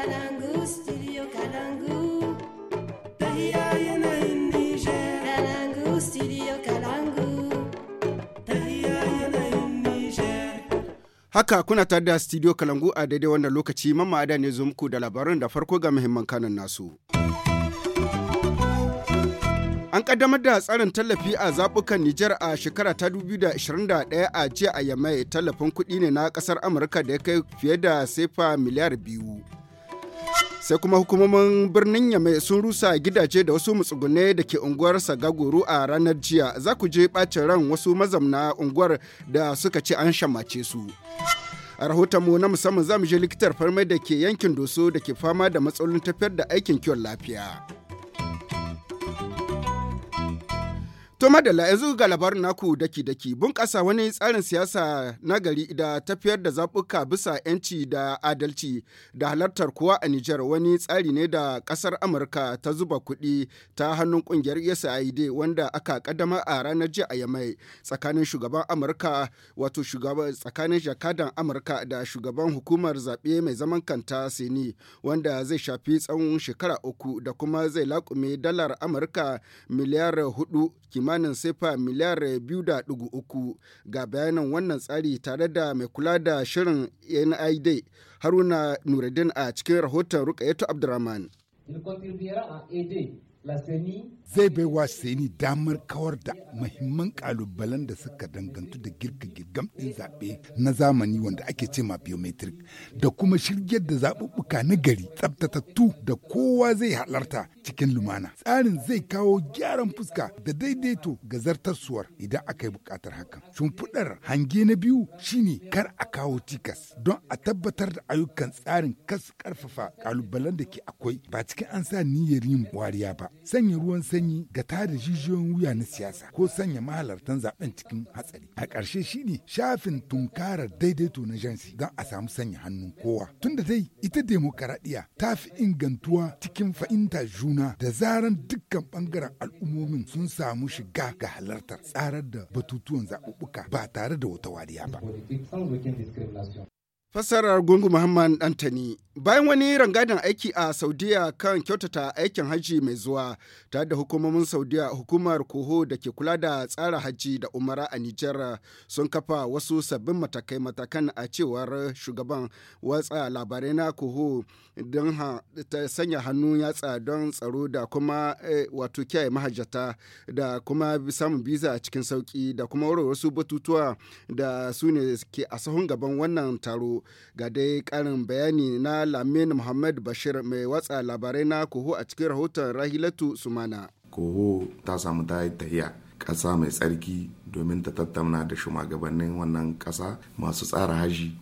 Kalangu, Haka kuna tare da studio Kalangu a daidai wannan lokaci mamma ne zo muku da labarun da farko ga muhimman kanan nasu. An kaddamar da tsarin tallafi a zaɓukan Nijar a shekara ta 2021 a jiya a Yamai tallafin kuɗi ne na ƙasar Amurka da ya kai fiye da sefa miliyar biyu. sai kuma hukumomin birnin yamai sun rusa gidaje da wasu matsugune da ke unguwar sagagoro a ranar jiya za ku je ɓacin ran wasu mazamna unguwar da suka ce an shamace su a rahotonmu na musamman za mu je likitar farmai da ke yankin doso da ke fama da matsalolin tafiyar da aikin kiwon lafiya. To madalla yanzu ga labarin naku daki-daki bunƙasa wani tsarin siyasa na gari da tafiyar da zaɓuka bisa 'yanci da adalci da halartar kuwa a Nijar wani tsari ne da ƙasar Amurka ta zuba kuɗi ta hannun ƙungiyar USAID wanda aka ƙaddama a ranar jiya a Yamai tsakanin shugaban Amurka wato shugaban tsakanin jakadan Amurka da shugaban hukumar zaɓe mai zaman kanta Sini wanda zai shafi tsawon shekara uku da kuma zai laƙume dalar Amurka miliyar hudu kima. kimanin sifa miliyar biyu da ga bayanan wannan tsari tare da mai kula da shirin nid haruna nuruddin a cikin rahoton rukayeto abdurrahman. Zai bai wa seni damar kawar da mahimman kalubalen da suka dangantu da girka girgam ɗin zaɓe na zamani wanda ake ce ma biometric da kuma shirgiyar da zaɓuɓɓuka na gari tsabtatattu da kowa zai halarta cikin lumana. Tsarin zai kawo gyaran fuska da daidaito ga zartarsuwar idan aka yi buƙatar hakan. Shimfiɗar hange na biyu shine kar a kawo tikas don a tabbatar da ayyukan tsarin kas ƙarfafa kalubalen da ke akwai ba cikin an sa niyyar yin wariya ba. sanya ruwan sanyi ga tada jijiyoyin wuya na siyasa ko sanya mahalartan zaben cikin hatsari. A ƙarshe shine shafin tunkarar daidaito na jansi don a samu sanya hannun kowa. Tunda dai ita demokaradiyya ta fi ingantuwa cikin fahimta juna da zaran dukkan ɓangaren al'ummomin sun samu shiga ga halartar tsarar da batutuwan zaɓuɓɓuka ba tare da wata wariya ba. Fassarar Gungu Muhammad Dantani Bayan wani rangadin aiki a Saudiya kan kyautata aikin hajji mai zuwa tare da hukumomin Saudiya hukumar koho da ke kula da tsara hajji da umara a Nijar sun kafa wasu sabbin matakai matakan a cewar shugaban watsa labarai na koho don ta sanya hannu yatsa don tsaro da kuma eh, wato kiyaye mahajjata da kuma samun biza a cikin sauki da kuma wasu batutuwa da su ne ke a sahun gaban wannan taro Ga dai karin bayani na Lamin Muhammad Bashir mai watsa labarai na Koho a cikin rahoton Rahilatu Sumana. Koho ta samu ta yi tahiya ƙasa mai tsarki domin ta tattauna da shugabannin wannan ƙasa masu tsara haji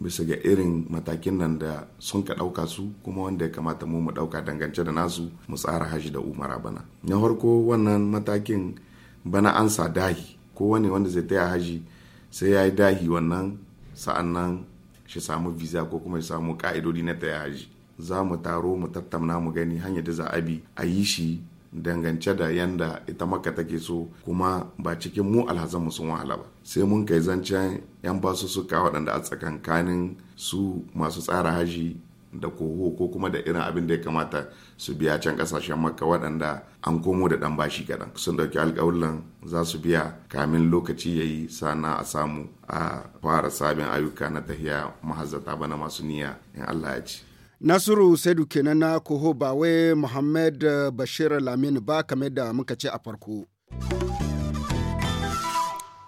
bisa ga irin matakin nan da sun ka ɗauka su kuma wanda ya kamata mu mu ɗauka dangance da nasu mu tsara haji da umara bana na farko wannan matakin bana ansa dahi ko wani wanda zai taya haji sai ya yi dahi wannan sa'annan shi samu visa ko kuma shi samu ka'idodi na taya haji za mu taro mu tattauna mu gani hanyar da za a bi a yi shi dangance da yanda ita maka take so kuma ba cikin mu alhazan mu sun wahala ba sai mun kai zancen yan basu suka waɗanda a tsakankanin su masu tsara haji da koho ko kuma da irin abin da ya kamata su biya can kasashen makka waɗanda an komo da ɗan bashi kaɗan sun ɗauki alƙawullan za su biya kamin lokaci ya yi sana a samu a fara sabin ayyuka na tahiya mahazzata bana masu niyya in allah ya ci Nasiru Saidu kenan na koho ba wai Muhammad eh, Bashir Lamin ba kamar da muka ce a farko.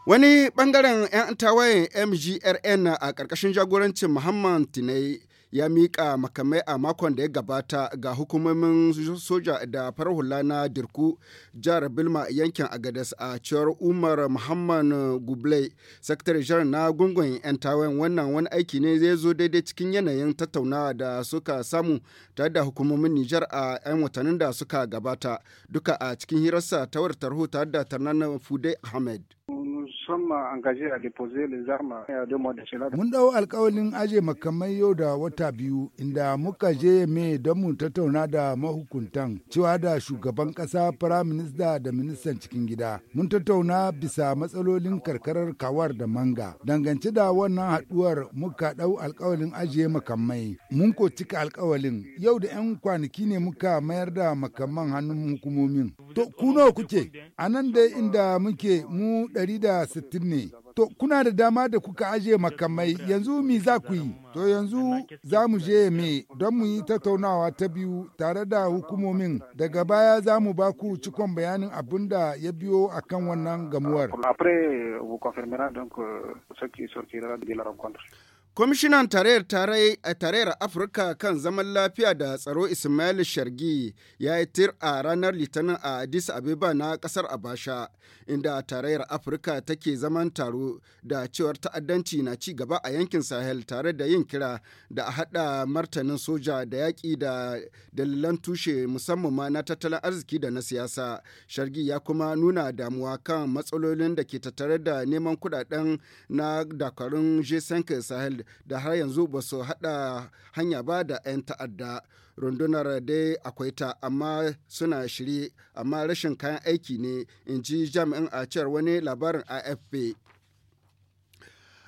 Wani bangaren 'yan tawayen MGRN a ƙarƙashin jagorancin Muhammad Tinai ya miƙa makamai a makon da ya gabata ga hukumomin soja da farar na dirku jihar bilma yankin agadas a cewar umar muhammad gublai sakatare jihar na gungun 'yan tawayen wannan wani aiki ne zai zo daidai cikin yanayin tattaunawa da suka samu tare da hukumomin nijar a 'yan watannin da suka gabata duka a cikin hirarsa ta tarho tare da tarnan fude ahmed Mun ɗau alkawalin aje makamai yau da wata biyu inda muka je me don mu tattauna da mahukuntan cewa da shugaban ƙasa firaminista da ministan cikin gida. Mun tattauna bisa matsalolin karkarar kawar da manga. Dangance da wannan haɗuwar muka ɗau alkawalin aje makamai. Mun ko cika alkawalin yau da 'yan kwanaki ne muka mayar da makaman hannun hukumomin. To ku nawa kuke? A nan dai inda muke mu 160 ne. To, kuna da dama da kuka aje makamai, yanzu mi za ku yi? To, yanzu za mu je me don mu yi tattaunawa ta biyu tare da hukumomin. Daga baya za mu ba ku cikon bayanin abin da ya biyo a kan wannan gamuwar. Kwamishinan tarayyar tarayi a tarayyar Afirka kan zaman lafiya da tsaro Ismail Shargi ya yi tir a ranar Litinin a Addis Abeba na kasar Abasha, inda tarayyar Afirka take zaman taro da cewar ta'addanci na ci gaba a yankin Sahel tare da yin kira da a haɗa martanin soja da yaƙi da dalilan tushe musamman ma na tattalin arziki da na siyasa. Shargi ya kuma nuna damuwa kan matsalolin da ke tattare da neman kuɗaɗen na dakarun g Sahel da har yanzu ba su hada hanya ba da 'yan ta'adda. Rundunar dai akwai ta amma suna shiri amma rashin kayan aiki ne in ji jami'in a cewar wani labarin AFP.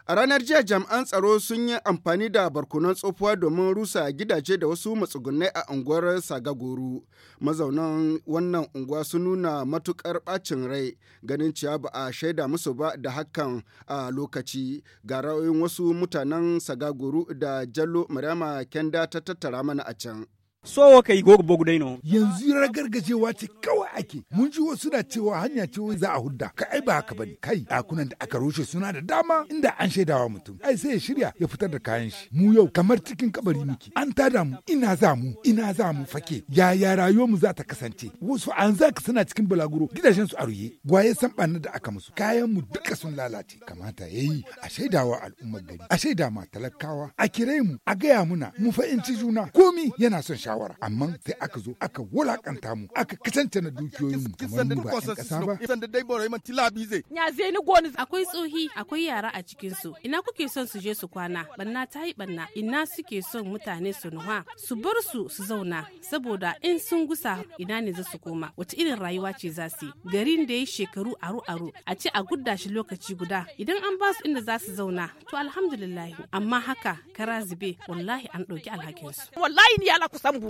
A ranar jiya jami'an tsaro sun yi amfani da barkunan tsofuwa domin rusa gidaje da wasu matsugunai a unguwar sagagoru Mazaunan wannan unguwa sun nuna matukar bacin rai ganin ciya ba a shaida musu ba da hakan a lokaci. Ga ra'ayoyin wasu mutanen sagagoru da Jallo Mariama Kenda ta tattara mana a can. so kai gogo bogu dai no yanzu ragargajewa ce kawai ake mun ji wasu na cewa hanya ce za a hudda ka ai ba haka bane kai dakunan da aka rushe suna da dama inda an shaidawa mutum ai sai ya shirya ya fitar da kayan shi mu yau kamar cikin kabari muke an tada mu ina za mu ina za mu fake ya yaya rayuwar mu za ta kasance wasu an ka suna cikin bulaguro gidajen su a ruye gwaye san banna da aka musu kayan mu duka sun lalace kamata yayi a shaidawa al'ummar gari a shaida ma talakawa a kire mu a gaya muna mu fa'inci juna komi yana son sha shawara amma sai aka zo aka wulakanta mu aka kasance na dukiyoyin mu kamar mu ba ƴan ƙasa ba. Ya zai ni goni akwai tsohi akwai yara a cikin su ina kuke son su je su kwana banna ta yi banna ina suke son mutane su nuha su bar su su zauna saboda in sun gusa ina ne za su koma wata irin rayuwa ce za su yi garin da ya shekaru aru aru a ce a gudda shi lokaci guda idan an ba su inda za su zauna to alhamdulillah amma haka kara zube wallahi an ɗauki alhakinsu. Wallahi ni ala kusan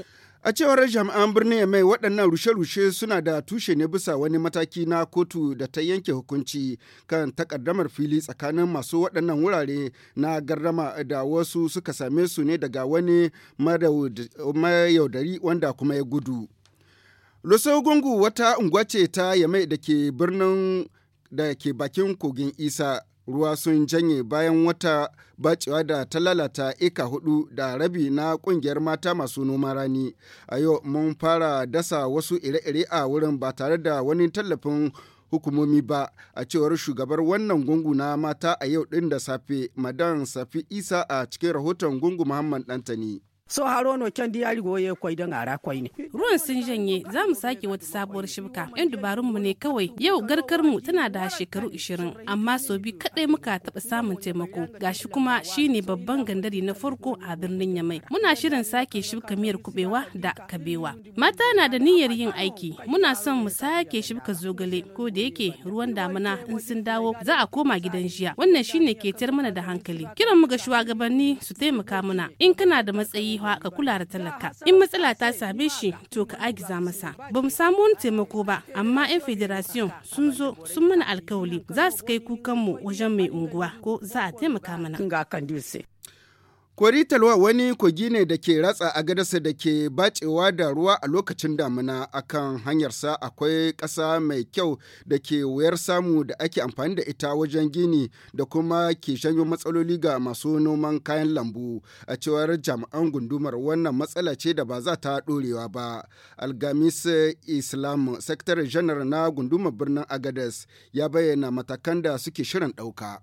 A cewar jami'an birnin ya mai waɗannan rushe-rushe suna da tushe ne bisa wani mataki na kotu da ta yanke hukunci kan takaddamar fili tsakanin masu waɗannan wurare na garrama da wasu suka same su ne daga wani mayaudari wanda kuma ya gudu. gungu wata unguwa ce ta Yamai da ke birnin da ke bakin kogin Isa ruwa sun janye bayan wata bacewa da ta lalata ika hudu da rabi na kungiyar mata masu noman rani a yau mun fara dasa wasu ire-ire a wurin ba tare da wani tallafin hukumomi ba a cewar shugabar wannan gungu na mata a yau din da safe madan safi isa a cikin rahoton gungu muhammad dantani So no kyan diyari goye kwai don ara kwai ne. Ruwan sun janye za mu sake wata sabuwar shibka. Yan dubarun mu ne kawai. Yau garkar mu tana da shekaru 20 amma so bi kadai muka taba samun taimako. Gashi kuma shine babban gandari na farko a birnin Yamai. Muna shirin sake shibka miyar kubewa da kabewa. Mata na da niyyar yin aiki. Muna son mu sake shibka zogale ko da yake ruwan damina in sun dawo za a koma gidan jiya. Wannan shine ke tar mana da hankali. Kiran mu ga shugabanni su taimaka muna. In kana da matsayi ka kula da talaka in matsala ta same shi to ka agiza masa ba mu samu wani taimako ba amma yan federation sun zo sun mana alkawali za su kai kukan mu wajen mai unguwa ko za a taimaka mana Kori wani kogi ne da ke ratsa a gadarsa da ke bacewa da ruwa a lokacin damina akan hanyarsa akwai ƙasa mai kyau da ke wuyar samu da ake amfani da ita wajen gini da kuma ke shanyo matsaloli ga masu noman kayan lambu a cewar jami'an gundumar wannan matsala ce da ba za ta ɗorewa ba. Algamis Islam Sektar Janar na gundumar birnin Agadas ya bayyana matakan da suke shirin ɗauka.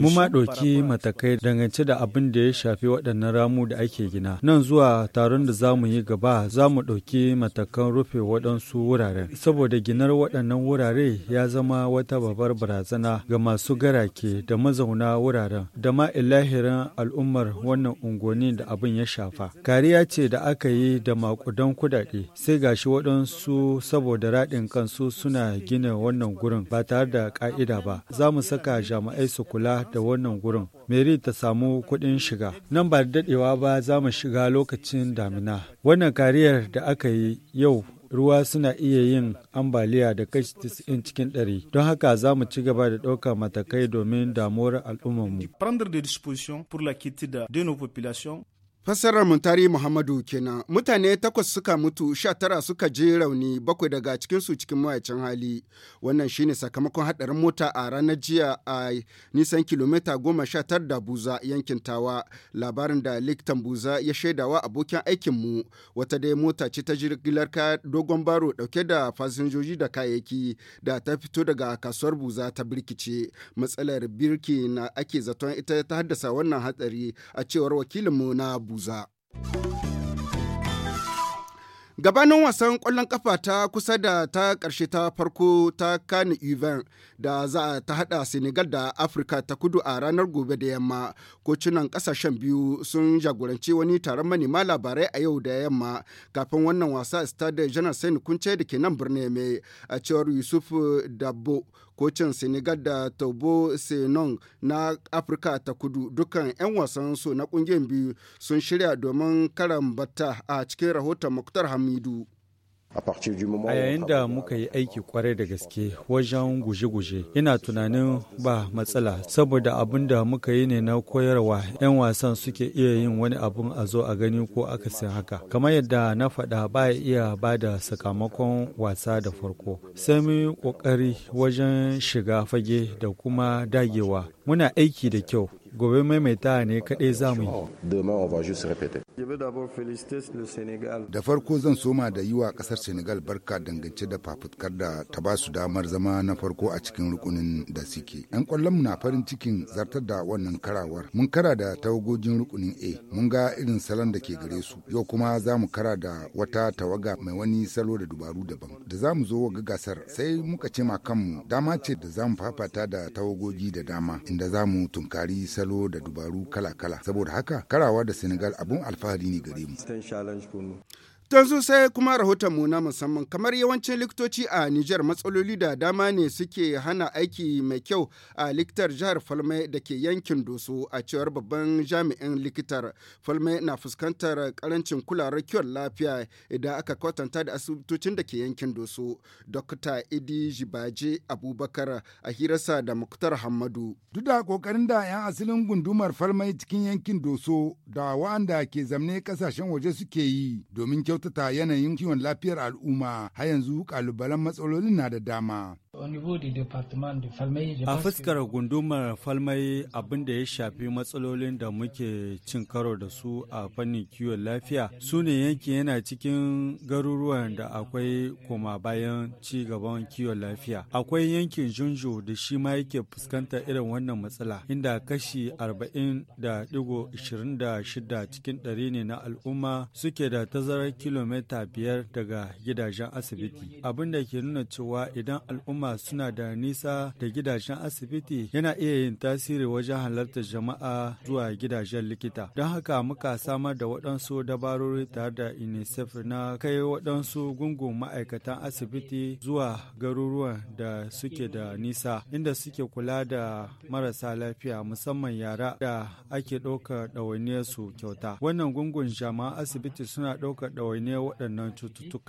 Mu ma ɗauki matakai dangance da abin da ya shafi waɗannan ramu da ake gina. Nan zuwa taron da za mu yi gaba za mu ɗauki matakan rufe waɗansu wuraren. Saboda ginar waɗannan wurare ya zama wata babar barazana ga masu garake da mazauna wuraren da ma ilahirin al'ummar wannan unguwanni da abin ya shafa. Kariya ce da aka yi da makudan kudade sai gashi waɗansu saboda raɗin kansu suna gina wannan gurin ba tare da ƙa'ida ba. Za mu saka jami'ai su kula da wannan gurin. Meri ta samu kuɗin shiga. Nan ba da daɗewa ba za mu shiga lokacin damina. Wannan kariyar da aka yi yau ruwa suna iya yin ambaliya da kashi 90 cikin 100 don haka za mu ci gaba da ɗaukar matakai domin damuwar al'ummarmu. Fassarar Muntari Muhammadu kenan mutane takwas suka mutu sha tara suka je rauni bakwai daga cikinsu cikin mawacin hali wannan shine sakamakon hadarin mota a ranar jiya a nisan kilomita goma sha tar da buza yankin tawa labarin da likitan buza ya shaidawa abokin aikinmu wata dai mota ce ta jirgilar ka dogon baro dauke da fasinjoji da kayayyaki da ta fito daga kasuwar buza ta birkice matsalar birki na ake zaton ita ta haddasa wannan hatsari a cewar wakilinmu na buza. Raguza. gabanin wasan ƙwallon kafa ta kusa da ta ƙarshe ta farko ta kani event da za ta haɗa senegal da afirka ta kudu a ranar gobe da yamma kocinan ƙasashen biyu sun jagoranci wani taron manema labarai a yau da yamma kafin wannan wasa stade janar sain kunce da ke nan birnin mai a cewar yusuf dabo kocin senegal da taubo senong na afirka ta kudu dukkan 'yan wasan su na kungiyar biyu sun shirya domin karan bata a cikin rahoton muktar hamidu a yayin da muka yi aiki kwarai da gaske wajen guje-guje ina tunanin ba matsala saboda abin da muka yi ne na koyarwa 'yan wasan suke iya yin wani abun a zo a gani ko akasin haka kamar yadda na faɗa ba iya ba da sakamakon wasa da farko sai mu ƙoƙari wajen shiga fage da kuma dagewa muna aiki da kyau gobe maimaita ne kaɗai za mu yi Da farko zan soma da yi wa kasar Senegal barka dangance da fafutkar da ta ba su damar zama na farko a cikin rukunin da suke. 'Yan kwallon mu na farin cikin zartar da wannan karawar. Mun kara da tawagogin rukunin A, mun ga irin salon da ke gare su. Yau kuma za mu kara da wata tawaga mai wani salo da dubaru daban. Da za mu zo ga gasar sai muka ce ma kanmu dama ce da za mu fafata da tawagogi da dama inda za mu tunkari salo da dubaru kala-kala. Saboda haka karawa da Senegal abun alfa alfahari ne gare mu Don sosai kuma mu na musamman kamar yawancin likitoci a Nijar matsaloli da dama ne suke hana aiki mai kyau a likitar jihar falmai da ke yankin Doso a cewar babban jami'in likitar. falmai na fuskantar karancin kulawar kiwon lafiya idan aka kwatanta da asibitocin da ke yankin Doso. Dokta Idi Jibaje Abubakar a hirarsa da Muktar Hamadu. Duk da kokarin da 'yan asalin gundumar falmai cikin yankin Doso da wa'anda ke zamne kasashen waje suke yi domin kyau kyautata yanayin kiwon lafiyar al'umma har yanzu kalubalen matsalolin na da dama. A fuskar gundumar falmai abinda ya shafi matsalolin da muke cin karo da su a fannin kiwon lafiya su ne yanki yana cikin garuruwan da akwai koma bayan ci gaban kiwon lafiya. Akwai yankin Junju da shi ma yake fuskantar irin wannan matsala inda kashi 40.26 cikin ɗari ne na al'umma suke da tazarar kilomita biyar daga gidajen asibiti. Abin da ke nuna cewa idan al'umma al'umma suna da nisa da gidajen asibiti yana iya yin tasiri wajen halartar jama'a zuwa gidajen likita. Don haka muka samar da waɗansu dabarori tare da UNICEF na kai waɗansu gungun ma'aikatan asibiti zuwa garuruwan da suke da nisa inda suke kula da marasa lafiya musamman yara da ake ɗaukar ɗawainiyarsu kyauta. Wannan gungun jama'an asibiti suna ɗaukar ɗawainiyar waɗannan cututtuka.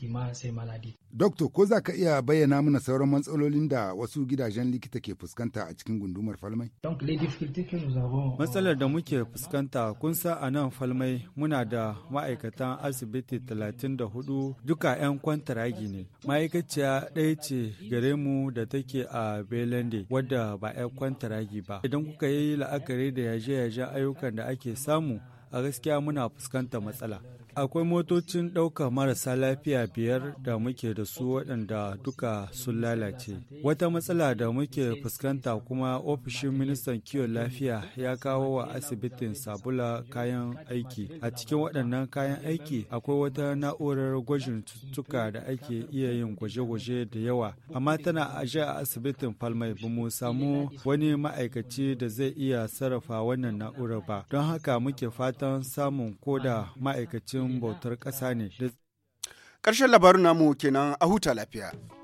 Dr ko za ka iya bayyana mana sauran matsalolin da wasu gidajen likita ke fuskanta a cikin gundumar falmai? Euh, Matsalar da muke fuskanta kun sa a nan falmai muna da ma'aikatan asibiti 34 duka 'yan kwantaragi ne. Ma'aikaciya ɗaya ce gare mu da take a Belende wadda ba 'yan kwantaragi ba. Idan kuka yi la'akari da yaje-yajen ayyukan da ake samu a gaskiya muna fuskanta matsala. Akwai motocin ɗauka marasa lafiya biyar da muke da su waɗanda duka sun lalace. Wata matsala da muke fuskanta kuma ofishin ministan kiwon lafiya ya kawo wa asibitin sabula kayan aiki. A cikin waɗannan kayan aiki akwai wata na'urar gwajin cututtuka da ake iya yin gwaje-gwaje da yawa. Amma tana aje a asibitin Falmai ba mu samu wani ma'aikaci da zai iya sarrafa wannan na'urar ba. Don haka muke fatan samun koda ma'aikacin bautar ƙasa ne. Ƙarshen labarin namu kenan a huta lafiya.